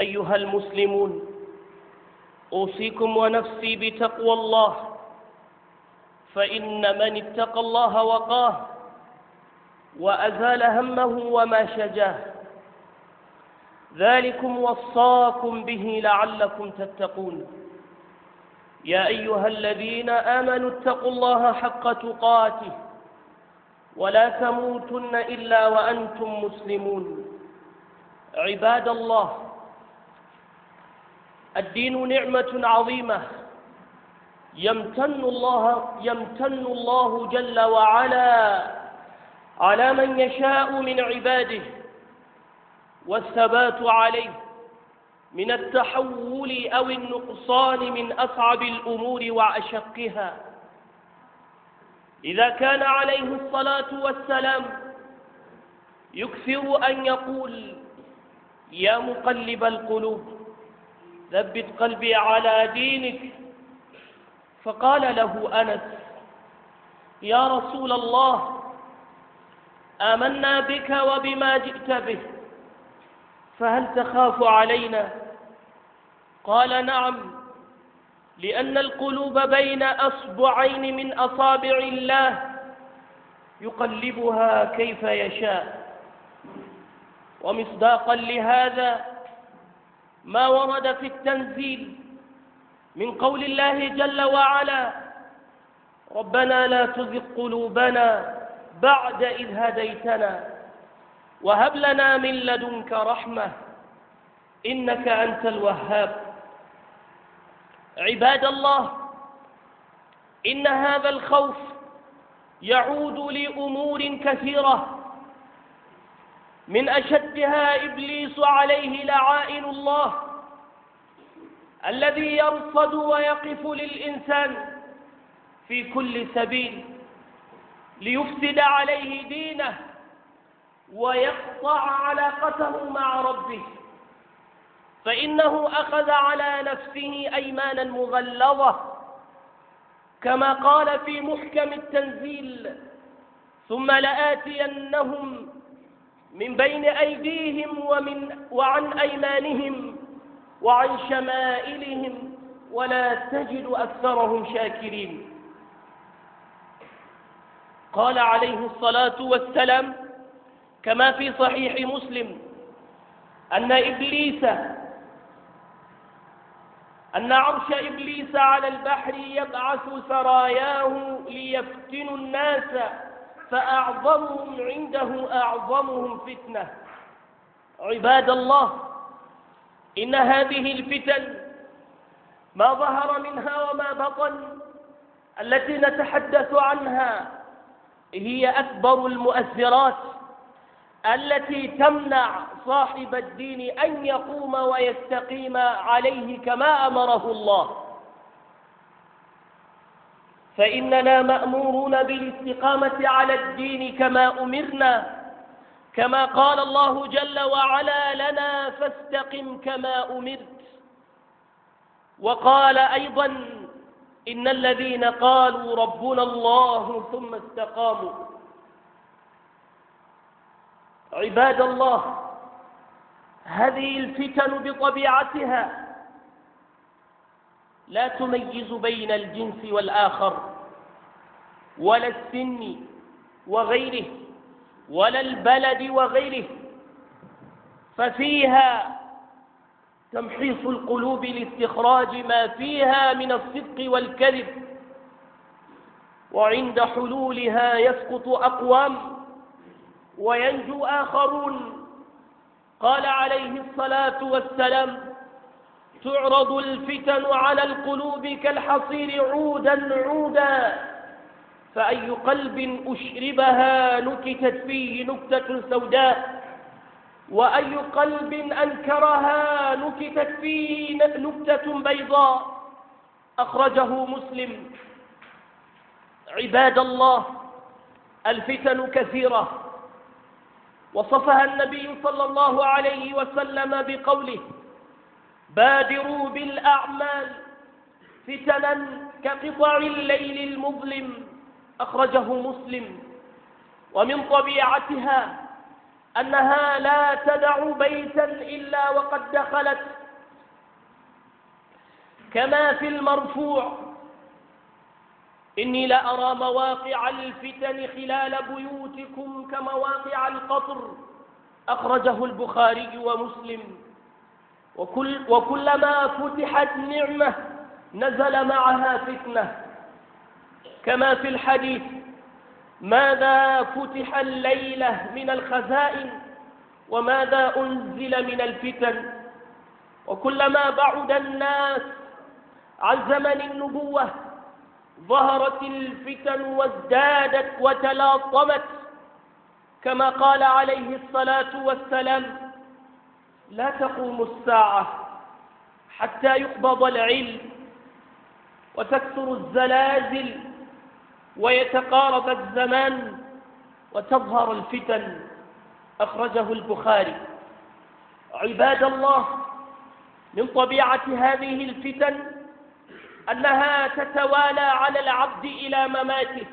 أيها المسلمون أوصيكم ونفسي بتقوى الله فإن من اتقى الله وقاه وأزال همه وما شجاه ذلكم وصاكم به لعلكم تتقون يا أيها الذين آمنوا اتقوا الله حق تقاته ولا تموتن إلا وأنتم مسلمون عباد الله الدين نعمة عظيمة يمتن الله يمتن الله جل وعلا على من يشاء من عباده والثبات عليه من التحول أو النقصان من أصعب الأمور وأشقها إذا كان عليه الصلاة والسلام يكثر أن يقول يا مقلب القلوب ثبت قلبي على دينك فقال له أنس يا رسول الله آمنا بك وبما جئت به فهل تخاف علينا قال نعم لأن القلوب بين أصبعين من أصابع الله يقلبها كيف يشاء ومصداقا لهذا ما ورد في التنزيل من قول الله جل وعلا ربنا لا تزغ قلوبنا بعد إذ هديتنا وهب لنا من لدنك رحمة إنك أنت الوهاب عباد الله إن هذا الخوف يعود لأمور كثيرة من أشدها إبليس عليه لعائن الله الذي يرصد ويقف للإنسان في كل سبيل ليفسد عليه دينه ويقطع علاقته مع ربه فإنه أخذ على نفسه أيمانا مغلظة كما قال في محكم التنزيل ثم لآتينهم من بين أيديهم ومن وعن أيمانهم وعن شمائلهم ولا تجد أكثرهم شاكرين قال عليه الصلاة والسلام كما في صحيح مسلم أن إبليس أن عرش إبليس على البحر يبعث سراياه ليفتن الناس فأعظمهم عنده أعظمهم فتنة عباد الله إن هذه الفتن ما ظهر منها وما بطن التي نتحدث عنها هي أكبر المؤثرات التي تمنع صاحب الدين أن يقوم ويستقيم عليه كما أمره الله فإننا مأمورون بالاستقامة على الدين كما أمرنا كما قال الله جل وعلا لنا فاستقم كما أمرت وقال أيضا إن الذين قالوا ربنا الله ثم استقاموا عباد الله هذه الفتن بطبيعتها لا تميز بين الجنس والآخر ولا السن وغيره ولا البلد وغيره ففيها تمحيص القلوب لاستخراج ما فيها من الصدق والكذب وعند حلولها يسقط أقوام وينجو آخرون قال عليه الصلاة والسلام تعرض الفتن على القلوب كالحصير عودا عودا فأي قلب أشربها نكتت فيه نكتة سوداء وأي قلب أنكرها نكتت فيه نكتة بيضاء أخرجه مسلم عباد الله الفتن كثيرة وصفها النبي صلى الله عليه وسلم بقوله بادروا بالأعمال فتنا كقطع الليل المظلم أخرجه مسلم ومن طبيعتها أنها لا تدع بيتا إلا وقد دخلت كما في المرفوع إني لأرى مواقع الفتن خلال بيوتكم كمواقع القطر أخرجه البخاري ومسلم وكل وكلما فتحت نعمة نزل معها فتنة كما في الحديث ماذا فتح الليلة من الخزائن وماذا أنزل من الفتن وكلما بعد الناس عن زمن النبوة ظهرت الفتن وازدادت وتلاطمت كما قال عليه الصلاة والسلام لا تقوم الساعة حتى يقبض العلم وتكثر الزلازل ويتقارب الزمان وتظهر الفتن أخرجه البخاري عباد الله من طبيعة هذه الفتن أنها تتوالى على العبد إلى مماته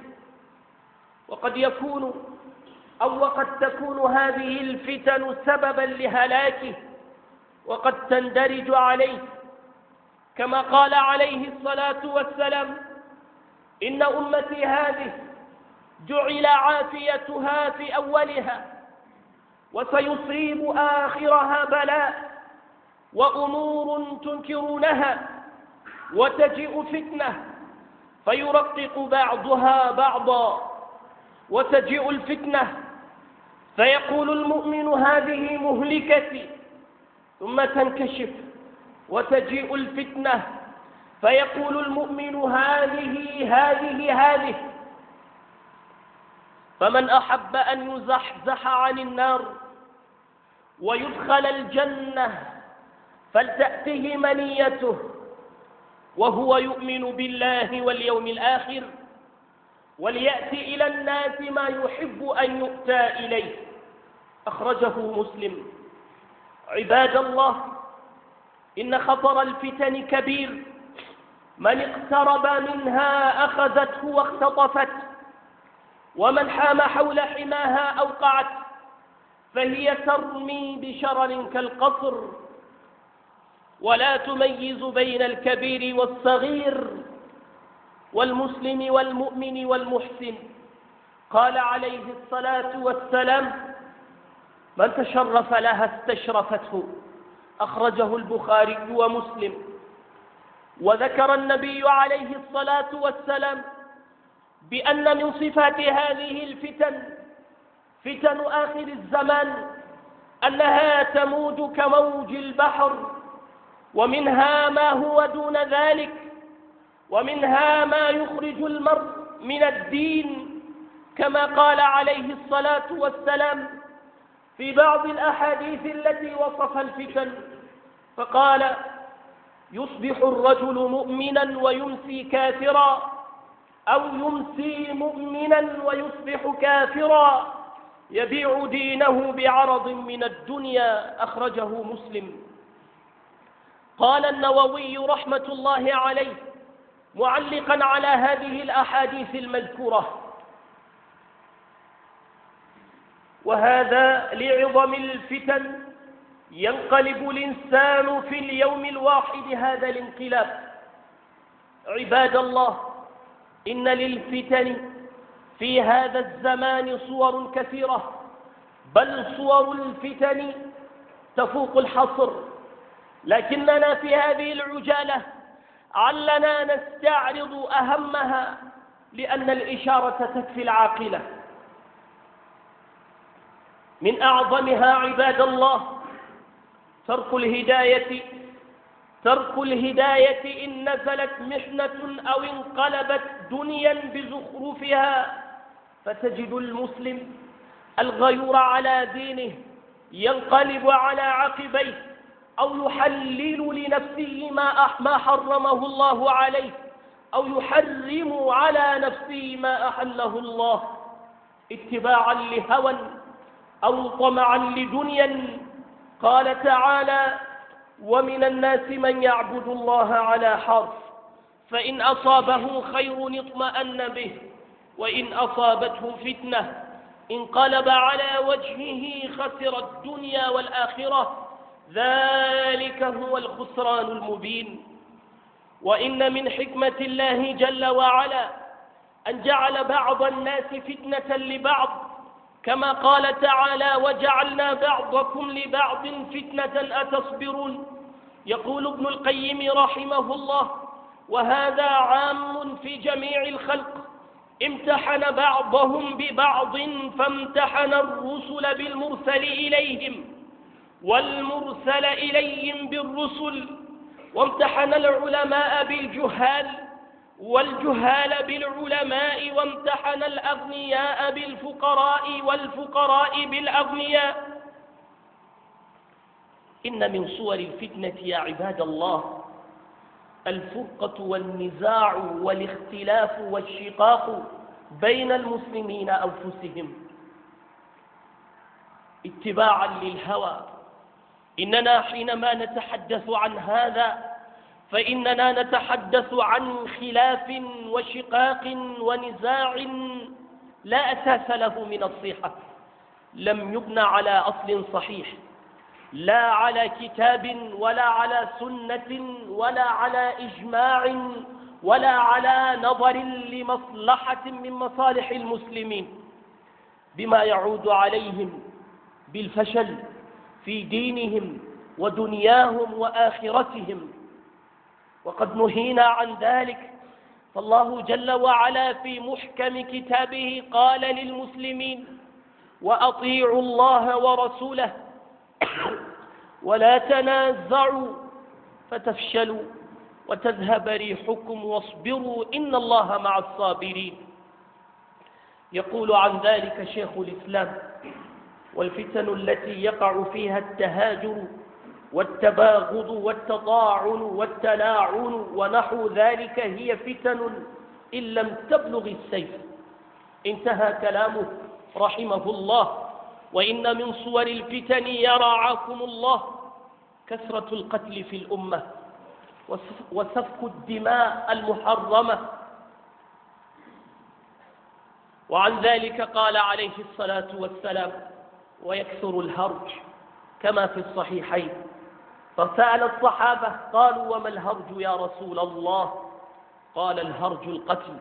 وقد يكون أو وقد تكون هذه الفتن سببا لهلاكه وقد تندرج عليه كما قال عليه الصلاة والسلام إن أمتي هذه جعل عافيتها في أولها وسيصيب آخرها بلاء وأمور تنكرونها وتجيء فتنة فيرقق بعضها بعضا وتجيء الفتنة فيقول المؤمن هذه مهلكتي ثم تنكشف وتجيء الفتنة فيقول المؤمن هذه هذه هذه فمن أحب أن يزحزح عن النار ويدخل الجنة فلتأته منيته وهو يؤمن بالله واليوم الآخر وليأت إلى الناس ما يحب أن يؤتى إليه أخرجه مسلم عباد الله إن خطر الفتن كبير من اقترب منها أخذته واختطفت ومن حام حول حماها أوقعت فهي ترمي بشرر كالقصر ولا تميز بين الكبير والصغير والمسلم والمؤمن والمحسن قال عليه الصلاة والسلام من تشرف لها استشرفته أخرجه البخاري ومسلم وذكر النبي عليه الصلاة والسلام بأن من صفات هذه الفتن فتن آخر الزمان أنها تموج كموج البحر ومنها ما هو دون ذلك ومنها ما يخرج المرء من الدين كما قال عليه الصلاة والسلام في بعض الأحاديث التي وصف الفتن فقال يصبح الرجل مؤمنا ويمسي كافرا أو يمسي مؤمنا ويصبح كافرا يبيع دينه بعرض من الدنيا أخرجه مسلم قال النووي رحمة الله عليه معلقا على هذه الأحاديث المذكورة وهذا لعظم الفتن ينقلب الإنسان في اليوم الواحد هذا الانقلاب عباد الله إن للفتن في هذا الزمان صور كثيرة بل صور الفتن تفوق الحصر لكننا في هذه العجالة علنا نستعرض أهمها لأن الإشارة تكفي العاقلة من أعظمها عباد الله ترك الهداية ترك الهداية إن نزلت محنة أو انقلبت دنيا بزخرفها فتجد المسلم الغيور على دينه ينقلب على عقبيه أو يحلل لنفسه ما ما حرمه الله عليه أو يحرم على نفسه ما أحله الله اتباعا لهوى أو طمعا لدنيا قال تعالى ومن الناس من يعبد الله على حرف فإن أصابه خير اطمأن به وإن أصابته فتنة انقلب على وجهه خسر الدنيا والآخرة ذلك هو الخسران المبين وإن من حكمة الله جل وعلا أن جعل بعض الناس فتنة لبعض كما قال تعالى وجعلنا بعضكم لبعض فتنة أتصبرون يقول ابن القيم رحمه الله وهذا عام في جميع الخلق امتحن بعضهم ببعض فامتحن الرسل بالمرسل إليهم والمرسل إليهم بالرسل وامتحن العلماء بالجهال والجهال بالعلماء وامتحن الأغنياء بالفقراء والفقراء بالأغنياء إن من صور الفتنة يا عباد الله الفرقة والنزاع والاختلاف والشقاق بين المسلمين أنفسهم اتباعا للهوى إننا حينما نتحدث عن هذا فإننا نتحدث عن خلاف وشقاق ونزاع لا أساس له من الصيحة لم يبنى على أصل صحيح لا على كتاب ولا على سنة ولا على إجماع ولا على نظر لمصلحة من مصالح المسلمين بما يعود عليهم بالفشل في دينهم ودنياهم وآخرتهم وقد نهينا عن ذلك فالله جل وعلا في محكم كتابه قال للمسلمين وأطيعوا الله ورسوله ولا تنازعوا فتفشلوا وتذهب ريحكم واصبروا إن الله مع الصابرين يقول عن ذلك شيخ الإسلام والفتن التي يقع فيها التهاجر والتباغض والتطاعن والتلاعن ونحو ذلك هي فتن إن لم تبلغ السيف انتهى كلامه رحمه الله وإن من صور الفتن يرعاكم الله كثرة القتل في الأمة وسفك الدماء المحرمة وعن ذلك قال عليه الصلاة والسلام ويكثر الهرج كما في الصحيحين فسأل الصحابة قالوا وما الهرج يا رسول الله قال الهرج القتل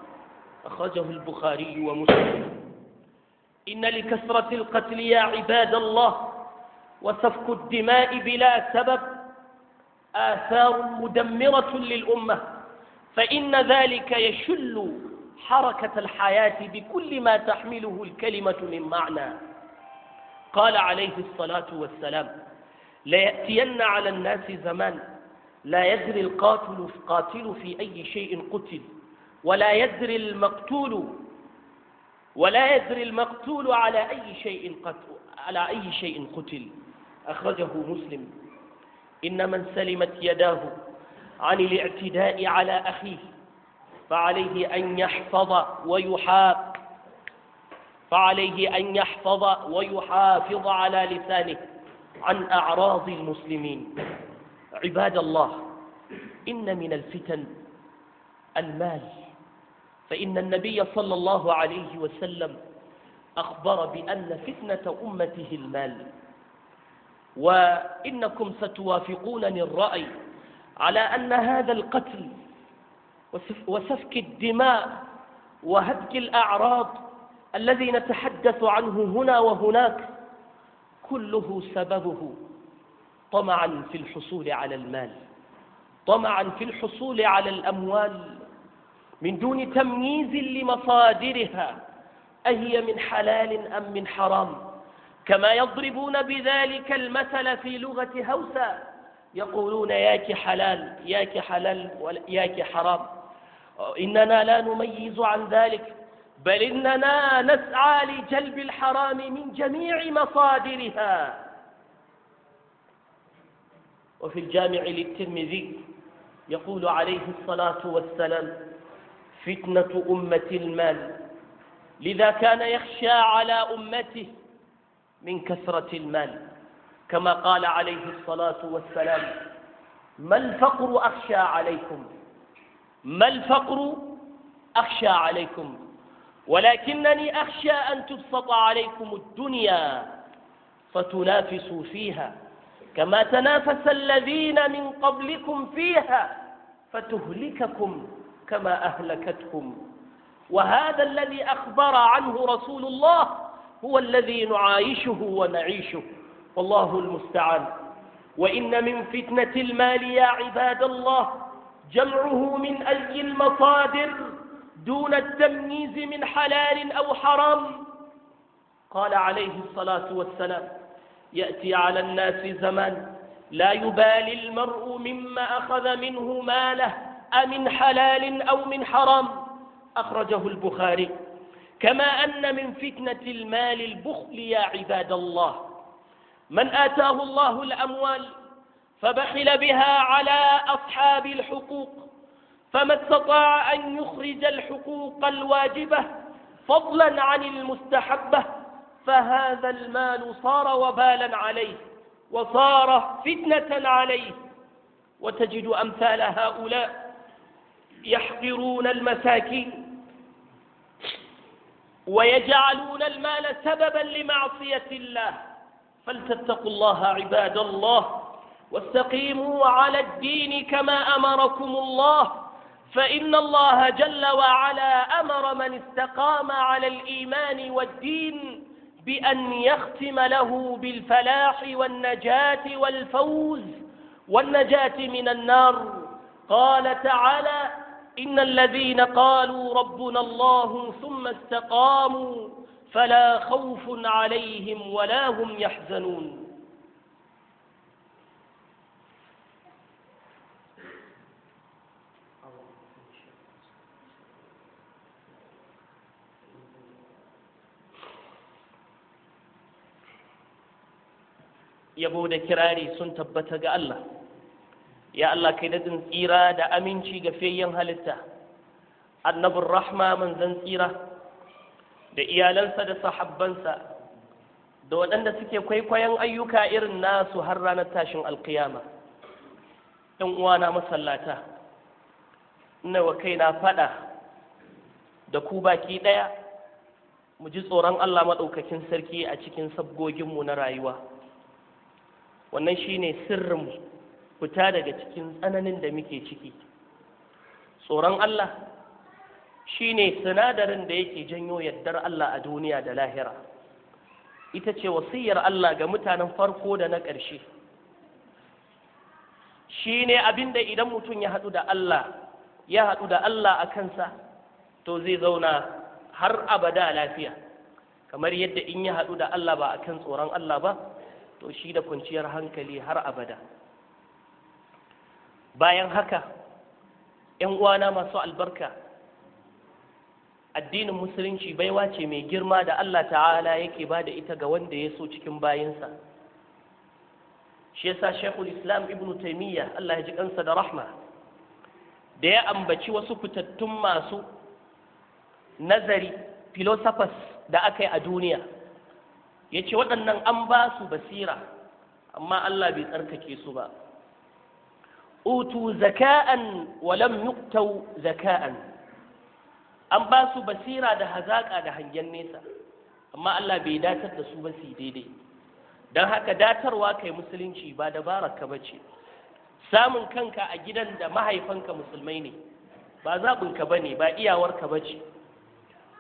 أخرجه البخاري ومسلم إن لكثرة القتل يا عباد الله وسفك الدماء بلا سبب آثار مدمرة للأمة فإن ذلك يشل حركة الحياة بكل ما تحمله الكلمة من معنى قال عليه الصلاة والسلام ليأتين على الناس زمان لا يدري القاتل قاتل في أي شيء قتل ولا يدري المقتول ولا يدري المقتول على أي شيء قتل على أي شيء قتل أخرجه مسلم إن من سلمت يداه عن الاعتداء على أخيه فعليه أن يحفظ ويحاب فعليه أن يحفظ ويحافظ على لسانه عن أعراض المسلمين عباد الله إن من الفتن المال فإن النبي صلى الله عليه وسلم أخبر بأن فتنة أمته المال وإنكم ستوافقونني الرأي على أن هذا القتل وسفك الدماء وهتك الأعراض الذي نتحدث عنه هنا وهناك كله سببه طمعا في الحصول على المال طمعا في الحصول على الأموال من دون تمييز لمصادرها أهي من حلال أم من حرام كما يضربون بذلك المثل في لغة هوسا يقولون ياك حلال ياك حلال ياك حرام إننا لا نميز عن ذلك بل إننا نسعى لجلب الحرام من جميع مصادرها وفي الجامع للترمذي يقول عليه الصلاة والسلام فتنة أمة المال لذا كان يخشى على أمته من كثرة المال كما قال عليه الصلاة والسلام ما الفقر أخشى عليكم ما الفقر أخشى عليكم ولكنني أخشى أن تبسط عليكم الدنيا فتنافسوا فيها كما تنافس الذين من قبلكم فيها فتهلككم كما أهلكتكم وهذا الذي أخبر عنه رسول الله هو الذي نعايشه ونعيشه والله المستعان وإن من فتنة المال يا عباد الله جمعه من أي المصادر دون التمييز من حلال أو حرام قال عليه الصلاة والسلام يأتي على الناس زمان لا يبالي المرء مما أخذ منه ماله أمن حلال أو من حرام أخرجه البخاري كما أن من فتنة المال البخل يا عباد الله من آتاه الله الأموال فبخل بها على أصحاب الحقوق فما استطاع أن يخرج الحقوق الواجبة فضلا عن المستحبة فهذا المال صار وبالا عليه وصار فتنة عليه وتجد أمثال هؤلاء يحقرون المساكين ويجعلون المال سببا لمعصية الله فلتتقوا الله عباد الله واستقيموا على الدين كما أمركم الله فإن الله جل وعلا أمر من استقام على الإيمان والدين بأن يختم له بالفلاح والنجاة والفوز والنجاة من النار قال تعالى إن الذين قالوا ربنا الله ثم استقاموا فلا خوف عليهم ولا هم يحزنون yabo da kirari sun tabbata ga Allah ya Allah kai daɗin tsira da aminci ga fayyan halitta annabin rahma manzan tsira da iyalansa da sahabbansa da waɗanda suke kwaikwayon ayyuka irin nasu har ranar tashin alkiyama ɗan uwana masallata ina wa kaina faɗa da ku baki ɗaya mu ji tsoron Allah maɗaukakin sarki a cikin sabgoginmu na rayuwa wannan shine sirrin fita daga cikin tsananin da muke ciki tsoron Allah shine sinadarin da yake janyo yaddar Allah a duniya da lahira ita ce wasiyar Allah ga mutanen farko da na ƙarshe shine da idan mutum ya haɗu da Allah ya haɗu da Allah a kansa to zai zauna har abada lafiya kamar yadda in ya haɗu da Allah ba a kan tsoron Allah ba to shi da kwanciyar hankali har abada bayan haka ‘yan uwana masu albarka addinin musulunci baiwa ce mai girma da Allah ta'ala yake ba da ita ga wanda ya so cikin bayansa shi yasa shekul islam ibn taimiyya Allah ya ji kansa da rahma da ya ambaci wasu fitattun masu nazari philosophers da aka yi a duniya ya ce waɗannan an ba su basira amma Allah bai tsarkake su ba utu zaka'an walam yuktau zaka'an an ba su basira da hazaƙa da hangen nesa amma Allah bai datar da su ba su daidai don haka datarwa kai musulunci ba dabarar ka bace samun kanka a gidan da mahaifanka musulmai ne ba zaɓinka ba ne ba iyawarka ba ce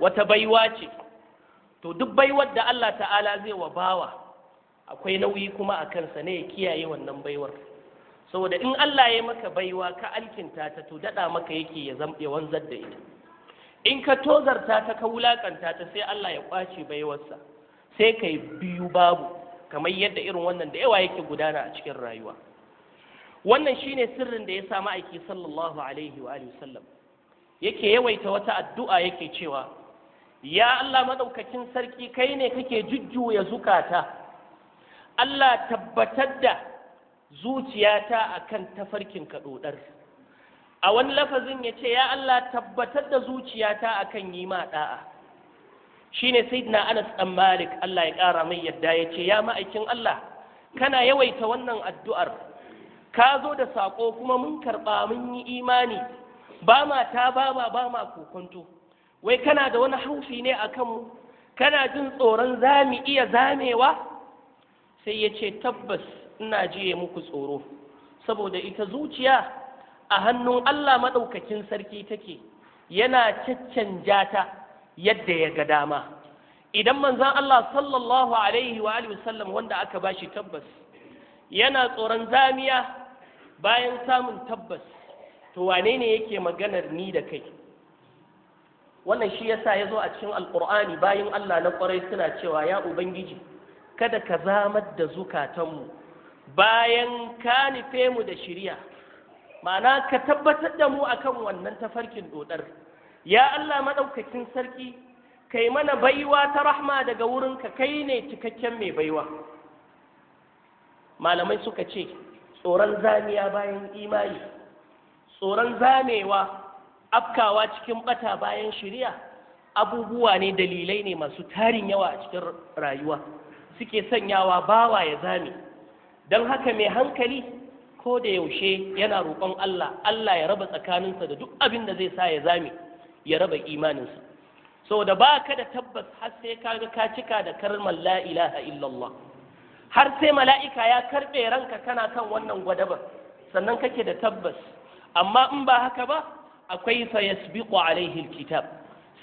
wata baiwa ce to duk baiwar da Allah ta'ala zai wa bawa akwai nauyi kuma a kansa ne ya kiyaye wannan baiwar saboda in Allah ya maka baiwa ka alkinta ta to dada maka yake ya wanzar da ita in ka tozarta ta ka wulakanta ta sai Allah ya kwace baiwarsa sai kai biyu babu kamar yadda irin wannan da yawa yake gudana a cikin rayuwa wannan shine sirrin da ya sa ma'aiki sallallahu alaihi wa sallam yake yawaita wata addu'a yake cewa ya Allah madaukakin sarki kai ne kake jujjuya zukata Allah tabbatar da zuciyata akan tafarkin kaɗoɗar a wani lafazin ya ce ya Allah tabbatar da zuciyata akan yi ma ɗa'a shine na Anas ɗan Malik Allah ya ƙara mai yadda ya ce ya ma'aikin Allah kana yawaita wannan addu'ar ka zo da saƙo kuma mun karɓa mun yi imani ba ma ta ba ba ma kokonto wai kana da wani haufi ne a kanmu kana jin tsoron za mu iya zamewa sai ya ce tabbas ina jiye muku tsoro saboda ita zuciya a hannun Allah maɗaukakin sarki take yana caccanja ta yadda ya ga dama idan manzan Allah sallallahu alaihi wa sallam wanda aka bashi tabbas yana tsoron zamiya bayan samun tabbas to wane ne yake maganar ni da kai wannan shi ya sa ya zo a cikin alkur'ani bayan allah na kwarai suna cewa ya ubangiji kada ka zamar da zukatanmu bayan ka nufe mu da shirya Mana ka tabbatar da mu akan wannan tafarkin dodar ya allah maɗaukakin sarki kai mana baiwa ta rahma daga wurinka kai ne cikakken mai baiwa malamai suka ce tsoron zamiya bayan imani tsoron zamewa afkawa cikin bata bayan shirya, abubuwa ne dalilai ne masu tarin yawa a cikin rayuwa suke sanyawa bawa ya zame don haka mai hankali ko da yaushe yana roƙon Allah Allah ya raba tsakaninsa da duk abin da zai sa ya zame ya raba imaninsa saboda ba ka da tabbas har sai ka ga ka cika da karmar la ilaha illallah har sai mala'ika ya karɓe ranka kana kan wannan gwada ba, sannan kake da tabbas amma in ba haka ba akwai fa yasbiqu alaihi alkitab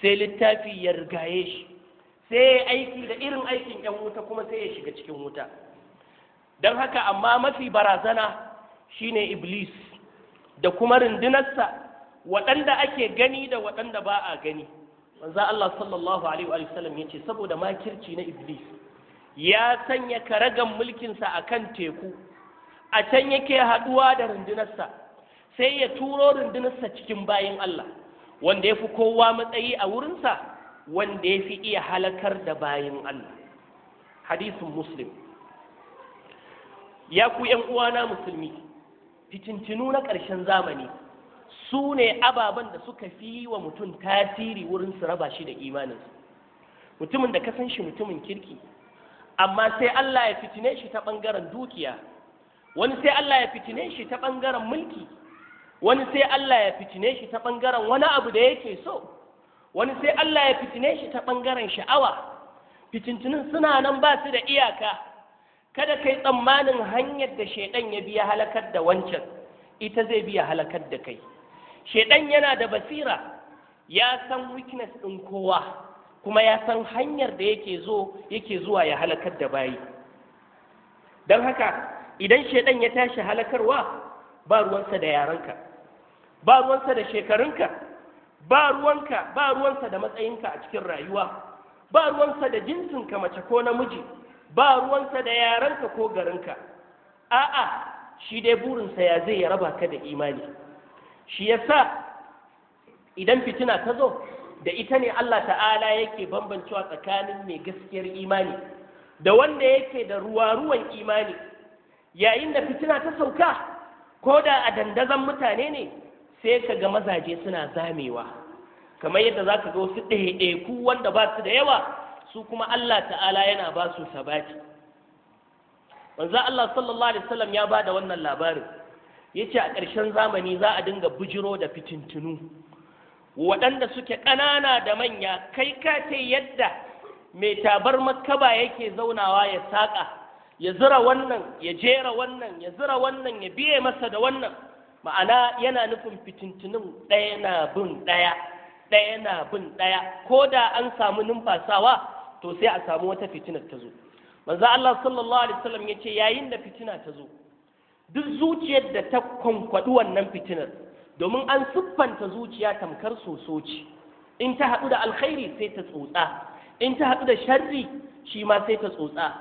sai littafi ya rigaye shi sai ya aiki da irin aikin yan wuta kuma sai ya shiga cikin wuta don haka amma mafi barazana shine iblis da kuma rundunarsa waɗanda ake gani da waɗanda ba a gani manzo Allah sallallahu alaihi wa sallam yace saboda makirci na iblis ya sanya karagan mulkinsa akan teku a can yake haɗuwa da rundunarsa sai ya turo rundunarsa cikin bayan Allah wanda ya fi kowa matsayi a wurinsa wanda ya fi iya halakar da bayan Allah hadisin muslim ya ku ‘yan uwana musulmi fitintinu na ƙarshen zamani su ne ababen da suka fi wa mutum tasiri wurin su raba shi da imaninsu mutumin da ka san shi mutumin kirki amma sai Allah ya fitine shi ta ɓangaren dukiya wani sai Allah ya fitine shi ta ɓangaren mulki wani sai Allah ya fitine shi ta ɓangaren wani abu da yake so wani sai Allah ya fitine shi ta ɓangaren sha'awa fitintunin suna nan ba su da iyaka kada kai tsammanin hanyar da shaidan ya biya halakar da wancan ita zai biya halakar da kai shaidan yana da basira ya san weakness ɗin kowa kuma ya san hanyar da yake zo yake zuwa ya halakar da bayi don haka idan shaidan ya tashi halakarwa ba ruwansa da yaranka ba ruwansa da shekarunka ba ruwanka ba ruwansa da matsayinka a cikin rayuwa ba ruwansa da jinsinka mace ko namiji ba ruwansa da yaranka ko garinka a'a shi dai burinsa ya zai ya raba ka da imani shi yasa idan fitina ta zo da ita ne Allah ta'ala yake bambancewa tsakanin mai gaskiyar imani da wanda yake da ruwa-ruwan imani yayin da fitina ta sauka ko da a dandazon mutane ne sai ka ga mazaje suna zamewa kamar yadda za ka ga wasu ɗaiɗaiku wanda ba su da yawa su kuma Allah ta'ala yana ba su sabati manzo Allah sallallahu alaihi wasallam ya da wannan labarin yace a ƙarshen zamani za a dinga bujiro da fitintunu waɗanda suke ƙanana da manya kai ka yadda mai tabar makaba yake zaunawa ya saƙa ya zura wannan ya jera wannan ya zura wannan ya biye masa da wannan ma'ana yana nufin fitintunin ɗaya na bin ɗaya ɗaya na bin ɗaya ko da an samu numfasawa to sai a samu wata fitinar ta zo manzo Allah sallallahu alaihi wasallam ya ce yayin da fitina ta zo duk zuciyar da ta kwankwaɗi wannan fitinar domin an siffanta zuciya tamkar sosoci. in ta haɗu da alkhairi sai ta tsotsa in ta haɗu da sharri shi ma sai ta tsotsa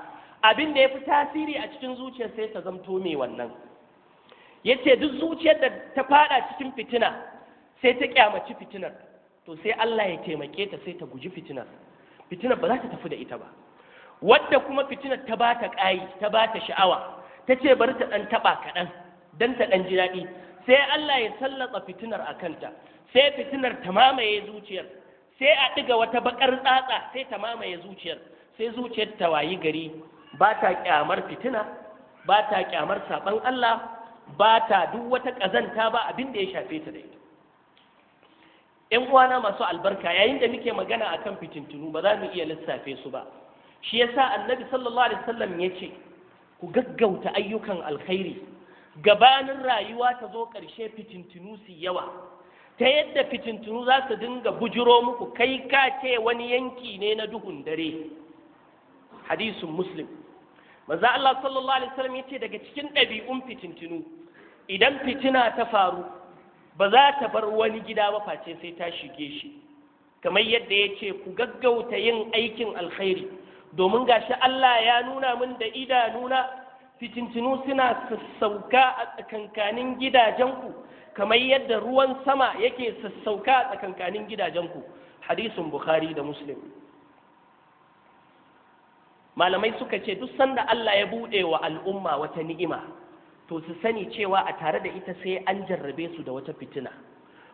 abin da ya fi tasiri a cikin zuciyar sai ta zamto mai wannan Ya ce duk zuciyar da ta fada cikin fitina sai ta kyamaci fitinar to sai Allah ya taimake ta sai ta guji fitinar fitinar ba za ta tafi da ita ba wadda kuma fitinar ta bata ta ƙayi ta bata sha'awa ta ce bari ta ɗan taɓa kaɗan dan ta ɗan ji daɗi sai Allah ya sallatsa fitinar a kanta sai fitinar ta mamaye zuciyar sai a ɗiga wata baƙar tsatsa sai ta mamaye zuciyar sai zuciyar ta wayi gari ba ta ƙyamar fitina ba ta ƙyamar saɓan Allah ba ta duk wata ƙazanta ba abin da ya shafe ta da ita ‘yan uwana masu albarka yayin da muke magana a kan fitintunu ba za mu iya lissafe su ba shi ya sa annabi sallallahu alaihi wasallam ya ce ku gaggauta ayyukan alkhairi gabanin rayuwa ta zo ƙarshe fitintunu su yawa ta yadda fitintunu za su dinga bujiro muku kai kace wani yanki ne na duhun dare hadisun muslim Maza Allah sallallahu alaihi wasallam ya ce daga cikin ɗabi'un fitintunu idan fitina ta faru ba za ta bar wani gida ba face sai ta shige shi kamar yadda ya ce ku gaggauta yin aikin alkhairi domin gashi Allah ya nuna mun da idanuna fitintinu suna sassauka a tsakankanin gidajenku kamar yadda ruwan sama yake sassauka a tsakankanin gidajenku hadisin bukhari da muslim malamai suka ce duk sanda Allah ya buɗe wa al'umma wata ni'ima to su sani cewa a tare da ita sai an jarrabe su da wata fitina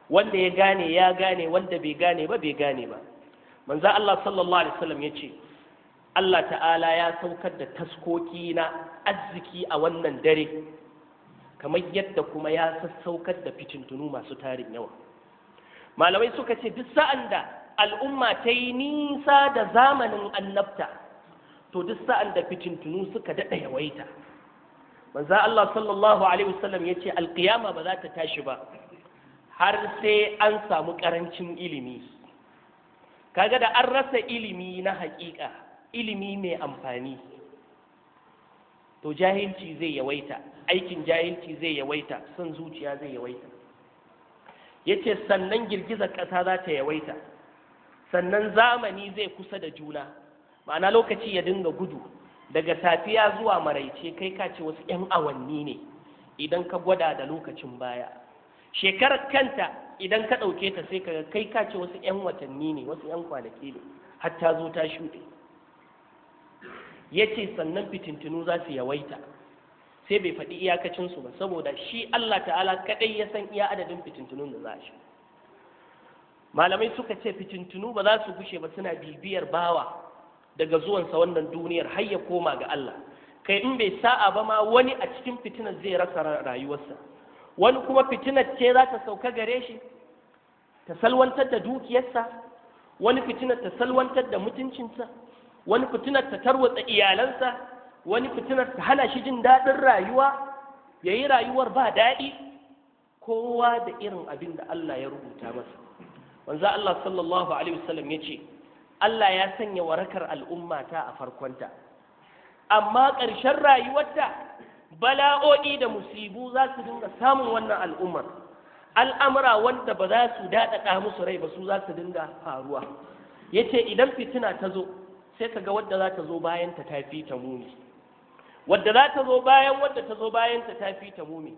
wanda ya gane ya gane wanda bai gane ba bai gane ba manzo Allah sallallahu alaihi wasallam ya ce Allah ta'ala ya saukar da taskoki na arziki a wannan dare kamar yadda kuma ya sassaukar da fitintunu masu tarin yawa malamai suka ce duk sa'an da al'umma ta yi nisa da zamanin annabta to duk sa'an da fitintunu suka daɗa yawaita manzo Allah sallallahu alaihi wasallam yace alkiyama ba za ta tashi ba har sai an samu karancin ilimi kaga da an rasa ilimi na haƙiƙa ilimi mai amfani to jahilci zai yawaita aikin jahilci zai yawaita son zuciya zai yawaita yace sannan girgizar ƙasa za ta yawaita sannan zamani zai kusa da juna ma'ana lokaci ya dinga gudu daga safiya zuwa maraice kai ka ce wasu 'yan awanni ne idan ka gwada da lokacin baya shekarar kanta idan ka ɗauke ta sai ka kai ka ce wasu 'yan watanni ne wasu 'yan kwanaki ne har ta zo ta shuɗe ya ce sannan fitintinu za su yawaita sai bai faɗi iyakacinsu ba saboda shi Allah ta'ala kaɗai ya san iya adadin fitintunun da za shi malamai suka ce fitintunu ba za su gushe ba suna bibiyar bawa daga zuwansa wannan duniyar har ya koma ga Allah kai in bai sa'a ba ma wani a cikin fitinar zai rasa rayuwarsa wani kuma fitinar ce za ta sauka gare shi ta salwantar da dukiyarsa wani fitinar ta salwantar da mutuncinsa wani fitinar ta tarwatsa iyalansa wani fitinar ta hana shi jin daɗin rayuwa ya yi rayuwar ba daɗi kowa da irin abin da Allah ya rubuta masa wanzu Allah sallallahu alaihi wasallam ya ce Allah ya sanya warakar al'ummata a farkonta amma ƙarshen rayuwarta bala'o'i da musibu za su dinga samun wannan al'ummar al'amura wanda ba za su daɗaɗa musu rai ba su za su dinga faruwa ya ce idan fitina ta zo sai ka ga wadda za ta zo bayan ta tafi ta muni wadda za ta zo bayan wadda ta zo bayan ta tafi ta muni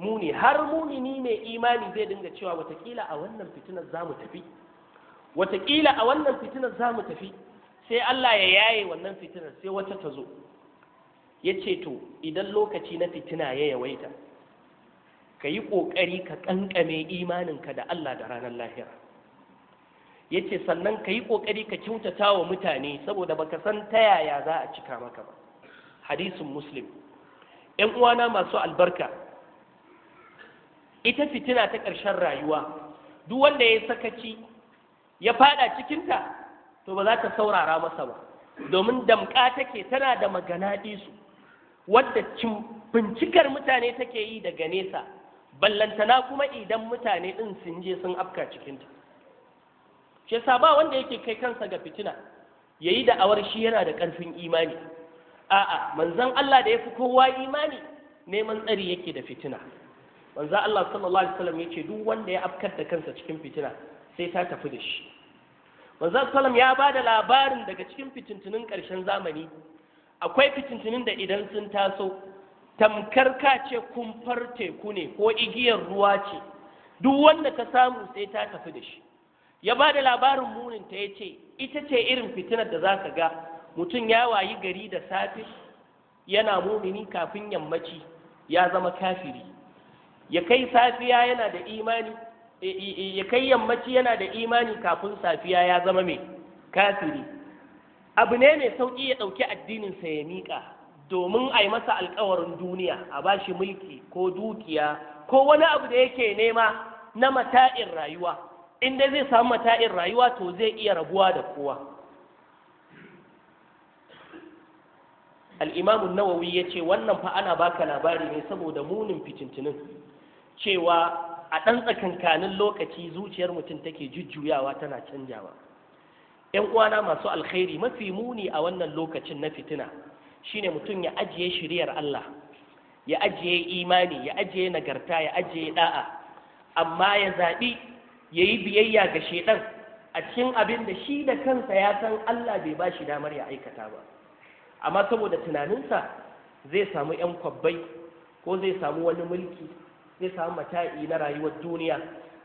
muni har muni ni mai imani zai dinga cewa watakila a wannan fitinar za mu tafi wataƙila a wannan fitinar za mu tafi sai Allah ya yaye wannan fitinar sai wata ta zo ya ce to idan lokaci na fitina ya yawaita ka yi ƙoƙari ka ƙanƙame imaninka da Allah da ranar lahira ya ce sannan ka yi ƙoƙari ka kyautata wa mutane saboda baka san ta yaya za a cika maka ba hadisin muslim ‘yan uwana masu albarka ita fitina ta ƙarshen rayuwa duk wanda ya sakaci ya fada cikinta to ba za ta saurara masa ba domin damka take tana da magana su wadda bincikar mutane take yi daga nesa ballantana kuma idan mutane ɗin sun je sun afka cikinta shi ba wanda yake kai kansa ga fitina Yayi da awar shi yana da karfin imani a'a manzon Allah da ya fi kowa imani neman tsari yake da fitina manzon Allah sallallahu alaihi wasallam ya duk wanda ya afkar da kansa cikin fitina sai ta tafi da shi manzon Salam ya ba da labarin daga cikin fitintunin ƙarshen zamani akwai fitintunin da idan sun taso tamkar ka ce kumfar teku ne ko igiyar ruwa ce duk wanda ka samu sai ta tafi da shi ya ba da labarin munin ta ya ce ita ce irin fitinar da za ka ga mutum ya wayi gari da safe yana mumini kafin yammaci ya zama kafiri ya kai safiya yana da imani Eh, eh, eh, ya kai yammaci yana da imani kafin safiya ya zama mai kafiri abu ne mai sauƙi ya ɗauki addininsa ya miƙa domin a yi masa alkawarin duniya a ba shi mulki ko dukiya ko wani abu da yake nema na mata'in rayuwa inda zai samu mata'in rayuwa to zai iya rabuwa da kowa al'imamun nawawi ya ce wannan fa ana baka labari ne saboda munin fitintinin cewa a ɗan tsakankanin lokaci zuciyar mutum take jujjuyawa tana canjawa ‘yan uwana masu alkhairi mafi muni a wannan lokacin na fitina shine mutum ya ajiye shiriyar Allah ya ajiye imani ya ajiye nagarta ya ajiye ɗa'a, amma ya zaɓi ya yi biyayya ga shaidan a cikin abin da shi da kansa ya san Allah bai ba shi damar ya aikata ba amma saboda tunaninsa zai samu ‘yan kwabbai ko zai samu wani mulki zai samu mata'i na rayuwar duniya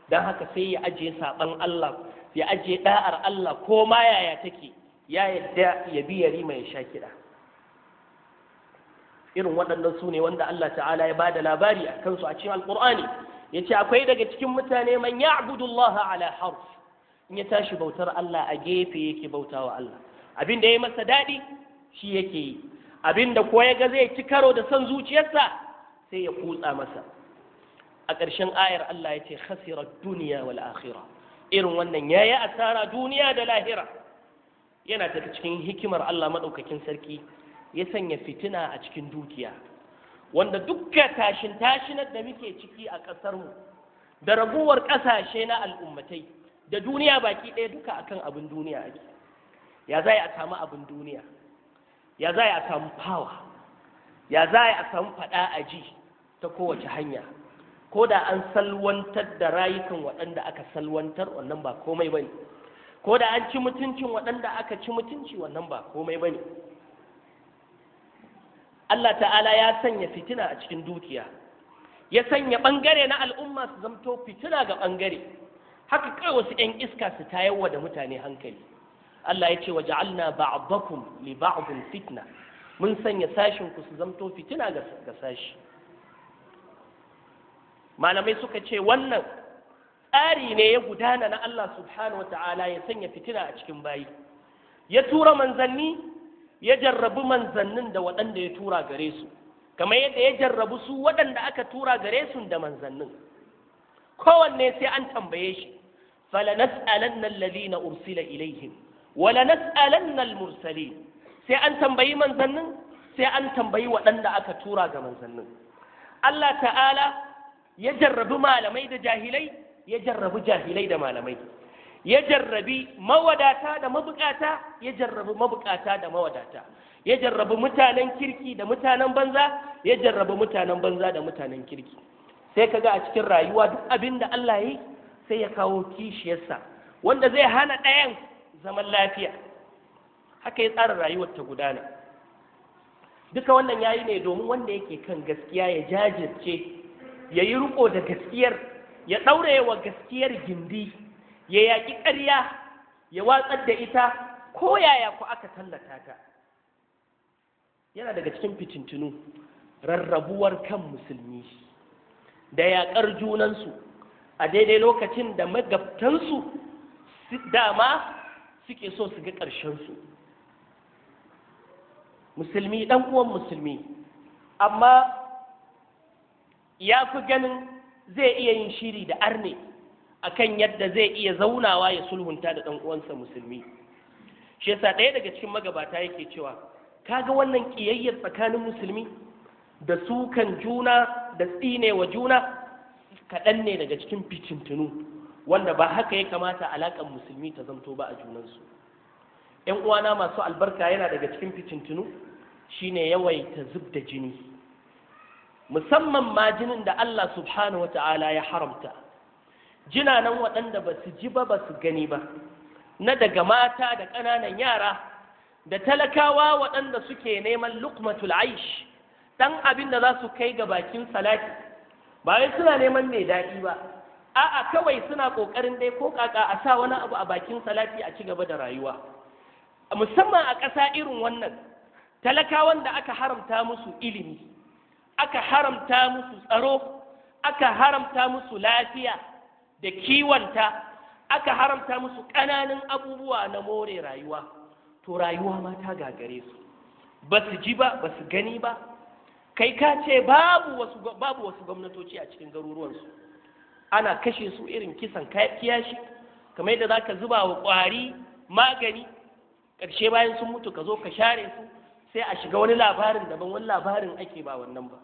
don haka sai ya ajiye saɓan Allah ya ajiye ɗa'ar Allah ko ma yaya take ya yadda ya bi yari mai sha kiɗa irin waɗannan su ne wanda Allah ta'ala ya bada labari a kansu a cikin alƙur'ani ya ce akwai daga cikin mutane man ya abudullaha ala harf in ya tashi bautar Allah a gefe yake bautawa Allah abin da ya masa daɗi shi yake yi abin da ko ya ga zai ci karo da son zuciyarsa sai ya kutsa masa a ƙarshen ayar Allah ya ce khasirar duniya wal akhira irin wannan ya yi asara duniya da lahira yana tafi cikin hikimar Allah maɗaukakin sarki ya sanya fitina a cikin dukiya wanda dukkan tashin tashinar da muke ciki a ƙasarmu da raguwar ƙasashe na al'ummatai da duniya baki ɗaya duka akan abin duniya ake ya za a samu abin duniya ya za a samu fawa ya za a samu faɗa a ji ta kowace hanya ko da an salwantar da rayukan waɗanda aka salwantar wannan ba komai ba ne ko da an ci mutuncin waɗanda aka ci mutunci wannan ba komai ba ne Allah ta'ala ya sanya fitina a cikin dukiya ya sanya ɓangare na al'umma su zamto fitina ga ɓangare haka kai wasu 'yan iska su tayarwa da mutane hankali Allah ya ce wa ja'alna ba'dakum li ba'din fitna mun sanya sashin ku su zamto fitina ga sashi malamai suka ce wannan tsari ne ya gudana na Allah subhanahu wa ta'ala ya sanya fitina a cikin bayi ya tura manzanni ya jarrabu manzannin da waɗanda ya tura gare su kamar yadda ya jarrabu su waɗanda aka tura gare su da manzannin kowanne sai an tambaye shi falanas'alanna alladhina ursila ilaihim wala nas'alanna sai an tambayi manzannin sai an tambayi waɗanda aka tura ga manzannin Allah ta'ala ya jarrabi malamai da jahilai ya jarrabi jahilai da malamai ya jarrabi mawadata da mabukata ya jarrabi mabukata da mawadata ya jarrabi mutanen kirki da mutanen banza ya jarrabi mutanen banza da mutanen kirki sai kaga a cikin rayuwa duk abin da Allah ya yi sai ya kawo kishiyarsa wanda zai hana ɗayan zaman lafiya haka ya tsara rayuwar ta gudana duka wannan yayi ne domin wanda yake kan gaskiya ya jajirce ya yi riko da gaskiyar ya ɗaure wa gaskiyar gindi ya yaƙi ƙarya ya watsar da ita ko yaya ku aka tallata ta yana daga cikin fitintunu rarrabuwar kan musulmi da yaƙar junansu a daidai lokacin da magabtansu dama suke so su ga ƙarshensu musulmi ɗan uwan musulmi amma ya fi ganin zai iya yin shiri da arne a kan yadda zai iya zaunawa ya sulhunta da ɗan uwansa musulmi shi yasa ɗaya daga cikin magabata yake cewa kaga wannan ƙiyayyar tsakanin musulmi da sukan juna da tsine wa juna kaɗan ne daga cikin fitintunu wanda ba haka ya kamata alaƙar musulmi ta zamto ba a junansu ‘yan uwana masu albarka yana daga cikin ficintunu shine yawaita zub da jini musamman ma jinin da Allah subhanahu wata'ala ya haramta jina nan waɗanda ba su ji ba ba su gani ba na daga mata da ƙananan yara da talakawa waɗanda suke neman lukmatul aish ɗan abin da za su kai ga bakin salati ba wai suna neman mai daɗi ba a'a kawai suna ƙoƙarin dai ko ƙaƙa a sa wani abu a bakin salati a ci gaba da rayuwa musamman a ƙasa irin wannan talakawan da aka haramta musu ilimi aka haramta musu tsaro aka haramta musu lafiya da kiwanta. aka haramta musu ƙananan abubuwa na more rayuwa to rayuwa ma ta gagare su ba su ji ba ba su gani ba kai ka ce babu wasu babu wasu gwamnatoci a cikin garuruwansu ana kashe su irin kisan kiyashi kamar yadda zaka zuba wa ƙwari magani ƙarshe bayan sun mutu ka zo ka share su sai a shiga wani labarin daban wani labarin ake ba wannan ba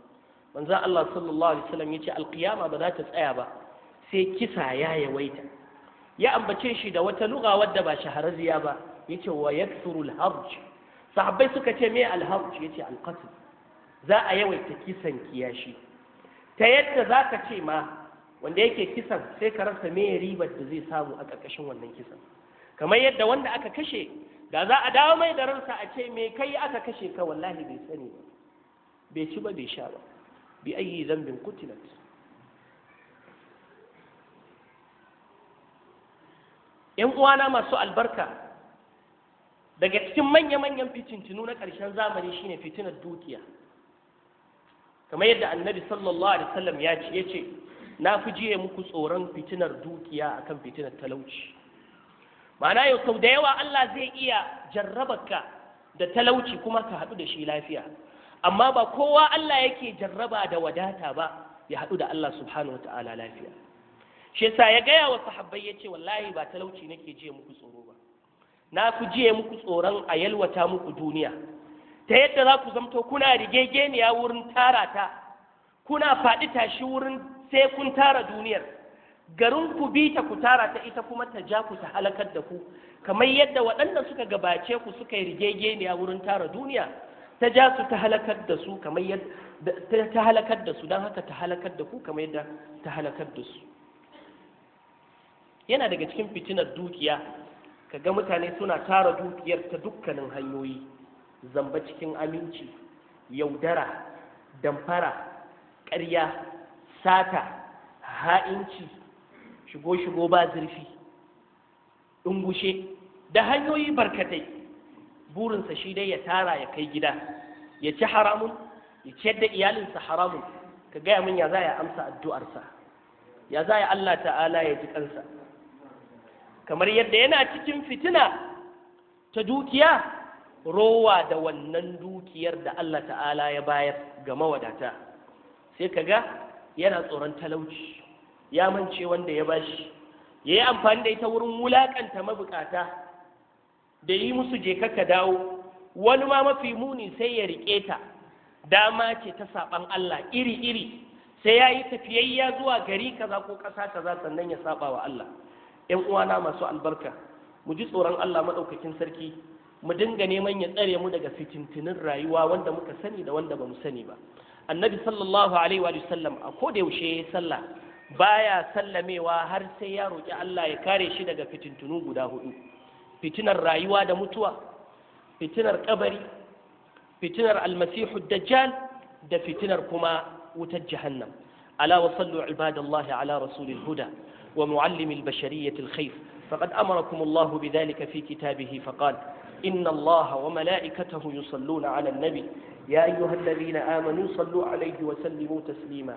manzo Allah sallallahu alaihi wasallam yace alqiyama ba za ta tsaya ba sai kisa ya yawaita ya ambace shi da wata lugha wadda ba shahararriya ba yace wa yakthuru al sahabbai suka ce me al yace al za a yawaita kisan kiyashi ta yadda za ka ce ma wanda yake kisan sai ka rasa me ribar da zai samu a ƙarƙashin wannan kisan kamar yadda wanda aka kashe da za a dawo mai da ransa a ce mai kai aka kashe ka wallahi bai sani ba bai ci ba bai sha ba bi ayi zambin kutilat yan uwana masu albarka daga cikin manya-manyan fitintinu na ƙarshen zamani shine fitinar dukiya kamar yadda annabi sallallahu alaihi wasallam ya ce yace na fi jiye muku tsoron fitinar dukiya akan fitinar talauci ma'ana yau sau da yawa Allah zai iya jarrabarka da talauci kuma ka haɗu da shi lafiya amma ba kowa Allah yake jarraba da wadata ba ya haɗu da Allah subhanahu wa ta'ala lafiya shi yasa ya gaya wa sahabbai ya ce wallahi ba talauci nake jiya muku tsoro ba na ku jiya muku tsoron a yalwata muku duniya ta yadda za ku zamto kuna rigegeniya wurin tara ta kuna faɗi tashi wurin sai kun tara duniyar garin ku bi ta ku tara ta ita kuma ta ja ku ta halakar da ku kamar yadda waɗanda suka gabace ku suka yi rigegeniya wurin tara duniya ta ja su ta halakar da su kamar yadda ta halakar da su don haka ta halakar da ku kamar yadda ta halakar da su yana daga cikin fitinar dukiya Ka ga mutane suna tara dukiyar ta dukkanin hanyoyi zamba cikin aminci yaudara damfara ƙarya sata ha'inci shigo shigo ba zurfi dungushe da hanyoyi barkatai burinsa shi dai ya tara ya kai gida ya ci haramun ya ciyar da iyalinsa haramun ka gaya min ya za ya amsa addu'arsa ya za ya Allah ta'ala ya ji kansa kamar yadda yana cikin fitina ta dukiya rowa da wannan dukiyar da Allah ta'ala ya bayar ga mawadata sai ka ga yana tsoron talauci ya mance wanda ya bashi ya yi amfani da ita wurin wulaƙanta mabukata da yi musu je ka dawo wani ma mafi muni sai ya riƙe ta dama ce ta saɓan Allah iri-iri sai ya yi tafiyayya zuwa gari kaza ko ƙasa kaza sannan ya saɓa wa Allah ‘yan uwana masu albarka mu ji tsoron Allah maɗaukakin sarki mu dinga neman ya tsare mu daga fitintinin rayuwa wanda muka sani da wanda ba mu sani ba annabi sallallahu alaihi wa sallam a koda yaushe ya yi sallah baya sallamewa har sai ya roƙi Allah ya kare shi daga fitintunu guda hudu fitinar rayuwa da mutuwa fitinar kabari fitinar almasihu dajjal da fitinar kuma wutar jahannam ala wa sallu ibadallahi ala rasulil huda wa muallimil bashariyatil khair faqad amarakum Allah bidhalika fi kitabihi faqal إن الله وملائكته يصلون على النبي يا أيها الذين آمنوا صلوا عليه وسلموا تسليما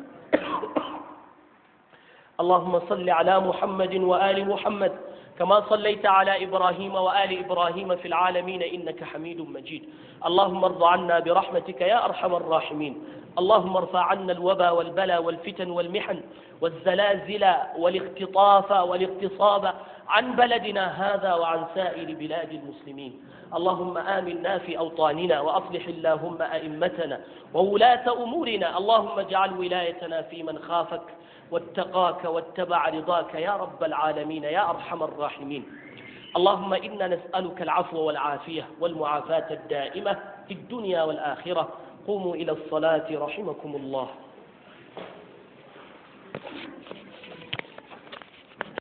اللهم صل على محمد وآل محمد كما صليت على إبراهيم وآل إبراهيم في العالمين إنك حميد مجيد اللهم ارض عنا برحمتك يا أرحم الراحمين اللهم ارفع عنا الوبا والبلا والفتن والمحن والزلازل والاختطاف والاغتصاب عن بلدنا هذا وعن سائر بلاد المسلمين اللهم آمنا في أوطاننا وأصلح اللهم أئمتنا وولاة أمورنا اللهم اجعل ولايتنا في من خافك واتقاك واتبع رضاك يا رب العالمين يا أرحم الراحمين اللهم إنا نسألك العفو والعافية والمعافاة الدائمة في الدنيا والآخرة قوموا إلى الصلاة رحمكم الله